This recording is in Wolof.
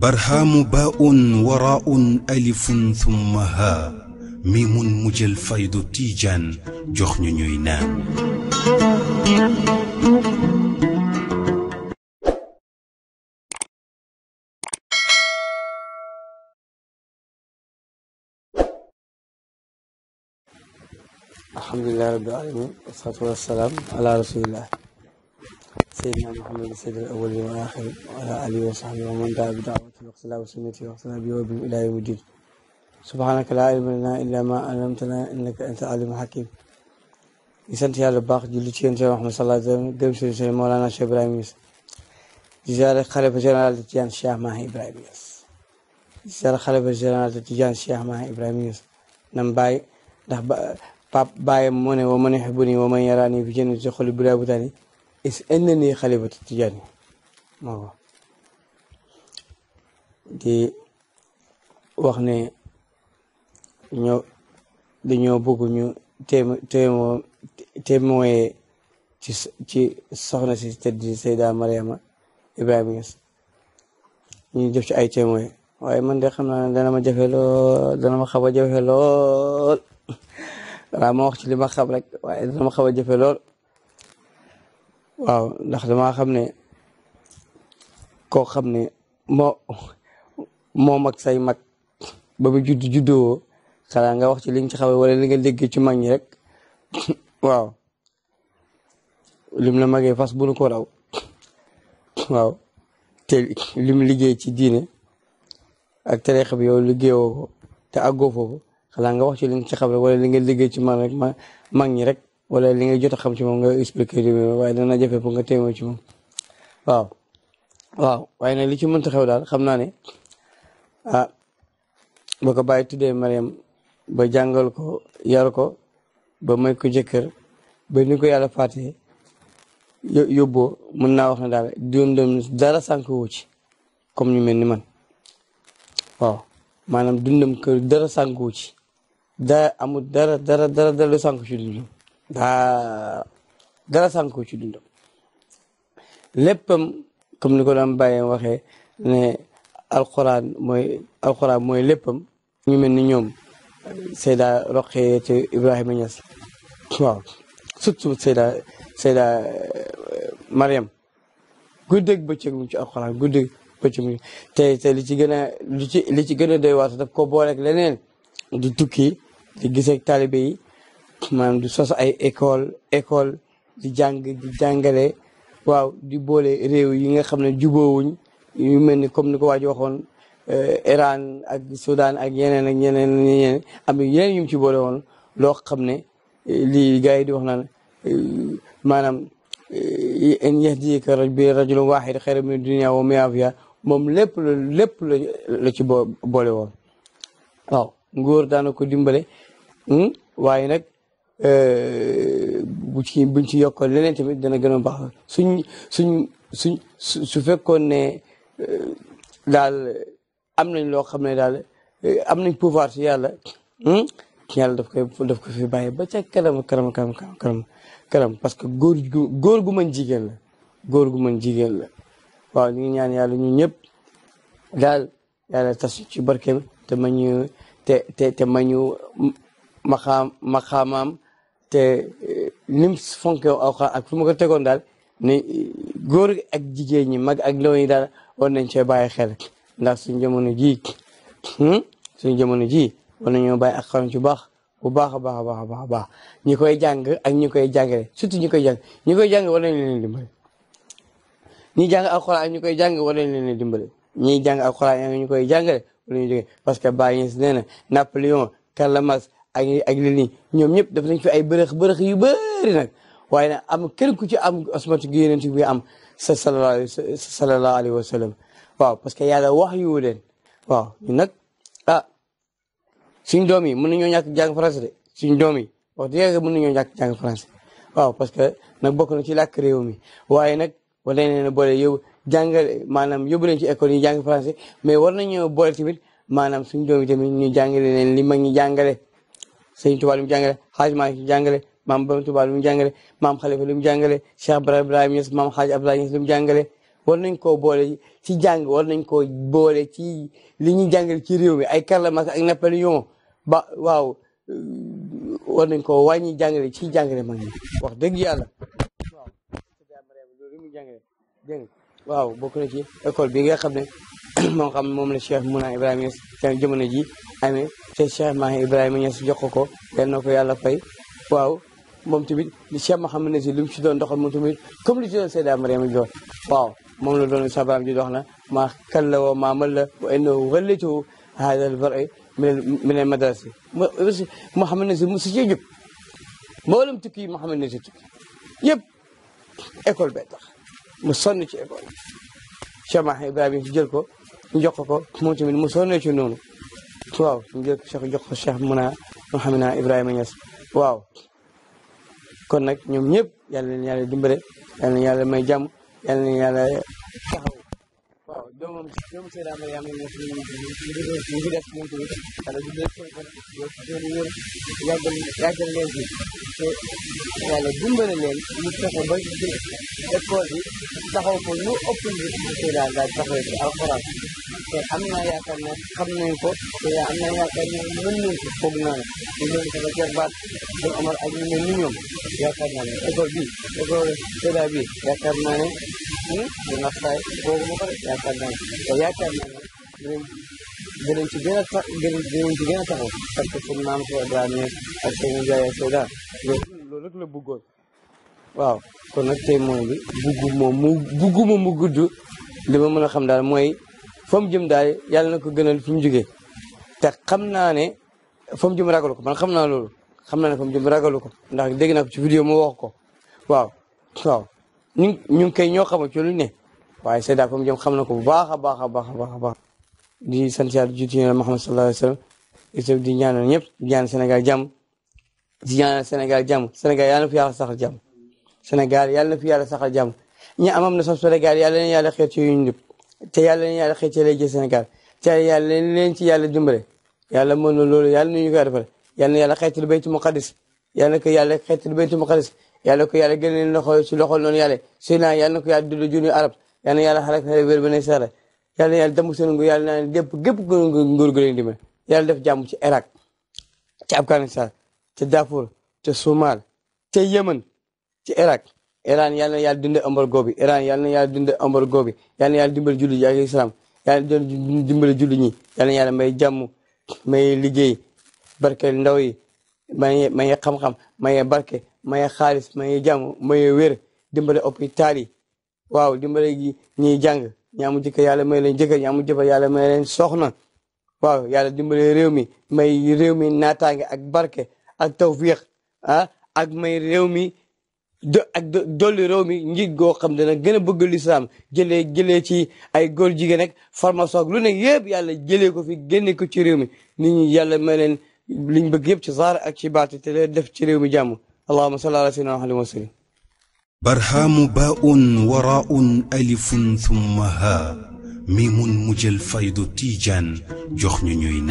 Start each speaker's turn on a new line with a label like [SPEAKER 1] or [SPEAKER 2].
[SPEAKER 1] برهام باء وراء ألف ثم ها ميم مجل فيض تيجان جخن الحمد لله رب العالمين والصلاة والسلام على رسول الله سيدنا محمد السيد الاول والاخر وعلى اله وصحبه ومن دعا بدعوته واقتلى وسنته واقتلى بوابه الى يوم الدين. سبحانك لا علم لنا الا ما علمتنا انك انت العليم الحكيم. يسنت يا لباخ جلتي انت محمد صلى الله عليه وسلم قمت مولانا الشيخ ابراهيم يوسف. جزاله خلف جنرال تيجان الشيخ ماهي ابراهيم يوسف. جزاله خلف جنرال تيجان الشيخ ماهي ابراهيم يوسف. نم باي باب باي موني ومن يحبني ومن يراني في جنة خلي بلا بوتاني. is annani xalifatu tijaani moo di wax ne ñoo dañoo bëgg ñu téem téemoo témoyee ci soxna si tëdd Seyda Mariama Ibrahima Niass ñu def ci ay témoin waaye man de xam naa ne dana ma jafe lool dana ma xaw a jafe lool waaw ma ma xam a jafe lool waaw ndax damaa xam ne koo xam ne moo moo mag say mag ba ba judd juddoo nga wax ci li ci xawe wala li nga dégg ci mag ñi rek waaw lim la magee fas bu nu ko raw waaw te lim liggéey ci diine ak tereex xab yow liggéeyoo ko te àggoo foofu xanaa nga wax ci li nga ci xawe wala li nga liggéey ci mag rek mag ñi rek wala li ngay jot a xam ci moom nga expliqué li waaye dana jafe pour nga téeméer ci moom waaw waaw waaye nag li ci mënta xew daal xam naa ne ah ba ko bàyyi tuddee ba jàngal ko yar ko ba may ko jëkkër ba ni ko yàlla fàttee yóbboo mën naa wax ne daal doon doon dara sànq wu ci comme ñu mel ni man waaw maanaam dundam kër dara sànq wu ci dara amul dara dara dara dara sànq ci dundam dara ko ci dundam léppam comme ni ko daan bàyyee waxe ne alquran mooy alquran mooy léppam ñu mel ni ñoom Seyda Roqee ci Ibrahima Niass waaw surtout Seyda Seyda eh, Mariam guddeeg bëccëg mu ci alquran guddeeg bëccëg mu te te li ci gën a li ci li ci gën a doy waat daf ko booleeg leneen di tukki di giseeg taalibe yi maanaam di sos ay école école di jàng di jàngale waaw di boole réew yi nga xam ne juboowuñ yu mel ni comme ni ko waa ji waxoon eh, Iran ak Soudan ak yeneen ak yeneen yeneen am na yeneen yu mu ci boole woon loo xam ne eh, lii gars yi di wax naan eh, maanaam in yahdika bi rajulun wahid xayran min dunya wa mi'a fiha moom lépp la lépp la la ci boole woon waaw nguur daana ko dimbale hmm, waaye nag Euh, bu ci buñ ci yokkoon leneen tamit dana gën a baax suñ suñ suñ su fekkoon ne euh, daal am nañ loo xam ne daal euh, am nañ pouvoir si yàlla hmm, yàlla daf koy daf ko fi bàyyi ba ca kanam kanam kanam kanam kanam parce que góor gu góor gu mën jigéen la góor gu mën jigéen la waaw ñu ngi ñaan yàlla daal yàlla tas ci barkeem te mañu te te mañu maxaam te eh, nim fonke alxuraan ak fu ma ko tegoon daal ni eh, góor ak jigéen ñi mag ak ndaw ñi daal war nañ cee bàyyi xel ndax suñu jamono ji hmm? suñu jamono jii war nañoo bàyyi ak xam ci baax bu baax a baax a baax baax a baax ñi koy jàng ak ñi koy jàngale surtout ñi koy jàng ñi koy jàng war nañ leen dimbale ñi jàng alxuraan ak ñi koy jàng war leen dimbale ñi jàng alxuraan ak ñi koy jàngale war nañu jóge parce que Baye Niass nee na Napoléon Karl ak ak li nii ñoom ñëpp def nañ fi ay bërëx bërëx yu bëri nak wayna am kër ku ci am asmatu gi yeneen ci bi am sallallahu alaihi wasallam waaw parce que yalla wax yu leen waaw ñu nak ah suñ doomi mënu ñu ñak jang français de suñ doomi wax dëgg mënu ñu ñak jang français waaw parce que nak bokku na ci lak réew mi waaye nak wala nee bolé yow jàngal manam yobu leen ci école yi jang français mais war nañu bolé timit manam suñ doomi tamit ñu jàngale leen li mag ñi jàngale Sëriñ Tuubaa lu mu jàngale Xaaj Maalik lu mu jàngale maam Borom Tuubaa lu mu jàngale maam Xalifa lu mu jàngale Cheikh Ibrahima Niass maam Xaaj Abdoulaye Niass lu nañ koo boole ci jàng war nañ koo boole ci li ñuy jàngale ci réew mi ay Karl Marx ak Napoléon ba waaw euh, war nañ koo wàññi jàngale ci jàngale mag ñi wax dëgg yàlla waaw loolu na ci école bi nga xam ne moo xam moom la Cheikh Mouna Ibrahima Niass seen jamono ji amee te Cheikh Mahi Ibrahima Niass jox ko yal na ko yàlla fay waaw moom tamit li Cheikh Mouhamed Niass li mu ci doon doxal moom tamit comme li ci doon Seyda Mariama jox waaw moom la doon sabaam ji dox na maa kan la woo maa man la wa innahu wallitahu hada al bar'i min al madrasi Mouhamed Niass mosu cee jub mboolem tukki yi Mouhamed Niass tukki yëpp école bee tax mu sonn ci école Cheikh Mahi Ibrahima Niass jël ko ñu jox ko moom tamit mu sonné ci noonu waaw ñu jël Cheikh jox ko Cheikh Muna Mouhamina Ibrahima Niass waaw. kon nag ñoom ñëpp yal na yàlla dimbale yal na may jàmm yal na yàlla doomam doomu Seydou Amady am nañu fi ñu ngi def ñu ngi koy wala ñu ngi koy wër wër yàggal yàggal leen fi te yàlla dimbale leen ñu fexe ba école bi taxaw ko lu ëpp li Seydou Amady taxawee ci alxuraan te am na yaakaar ne xam nañ ko te am naa yaakaar ne mën nañ foog naa ne ñu ne école bi école Seda bi ko rek yaakaar naa ne te ne ci gën a tax dinañ ci gën a parce que suñu maam Cheikh Ibrahima ak seen nijaay ak Seda loolu rek la bëggoon waaw kon nag tey mooy bi buggu mu gudd li ma mën a xam daal mooy fa mu jëm daal na ko gënal fi mu jógee te xam naa ne fa mu jëm ko man xam naa loolu xam naa ne fa mu jëm ragalu ko ndax dégg naa ko ci vidéo mu wax ko waaw waaw ñu ñu ngi koy ñoo xama ci lu ne waaye Seydou daal fa mu xam na ko bu baax a baax a baax a baax di sant yàlla jiitu yàlla Muhammad sallallahu alayhi wa di ñaanal ñëpp di ñaanal Sénégal jàmm di ñaanal Sénégal jàmm Sénégal yàlla na fi yàlla saxal jàmm Sénégal yàlla na fi yàlla saxal jàmm ñi amam na sax Sénégal yàlla na yàlla xeet ci te yàlla na yàlla xëy lay jël Sénégal te yàlla na leen ci yàlla dimbale yàlla mën na loolu yàlla nu ñu koy defal yàlla na yàlla xeetal baytu muqaddis yàlla na ko yàlla xeetal baytu muqaddis yàlla ko yàlla gën leen loxo ci loxo noonu yàlla suy naa yàlla na ko yàlla dudd junni arab yàlla na yàlla xarak na wér ba ne saara yàlla na yàlla dem seen nguur yàlla naa gépp gépp nguur gu leen dimbale yàlla jàmm ci Irak ci Afghanistan ci Darfour ci Somal ci Yemen ci Irak Iran yalla na yàlla dindi ambal gobi, Iran yalla na yàlla dindi ambal gobi, yal na yàlla dimbali julli ji ak islam yalla na dimbal julli ñi yalla na yàlla may jamm may liggéey barkeel ndaw yi may may xam-xam may barke may xaalis may jamm may wér dimbali hôpital yi waaw dimbali gi ñi jang ñamu jikko yalla may leen jëkkër ñamu amul yalla may leen soxna waaw yalla dimbali réew mi may réew mi naataange ak barke ak tawfiq ah ak may réew mi do ak dolli réew mi njiit goo xam ne nag gën a bëgg lislaam jëlee jëlee ci ay góor jigéen ak formation ak lu ne yëpp yàlla jëlee ko fi génne ko ci réew mi nit ñi yàlla may leen liñ bëgg yëpp ci saar ak ci baati te leen def ci réew mi jàmm allahuma salli ala sayyidina muhammad wa sallim barhaamu baaun waraaun alifun thumma haa miimun mujjal faydu tiijan jox ñu ñuy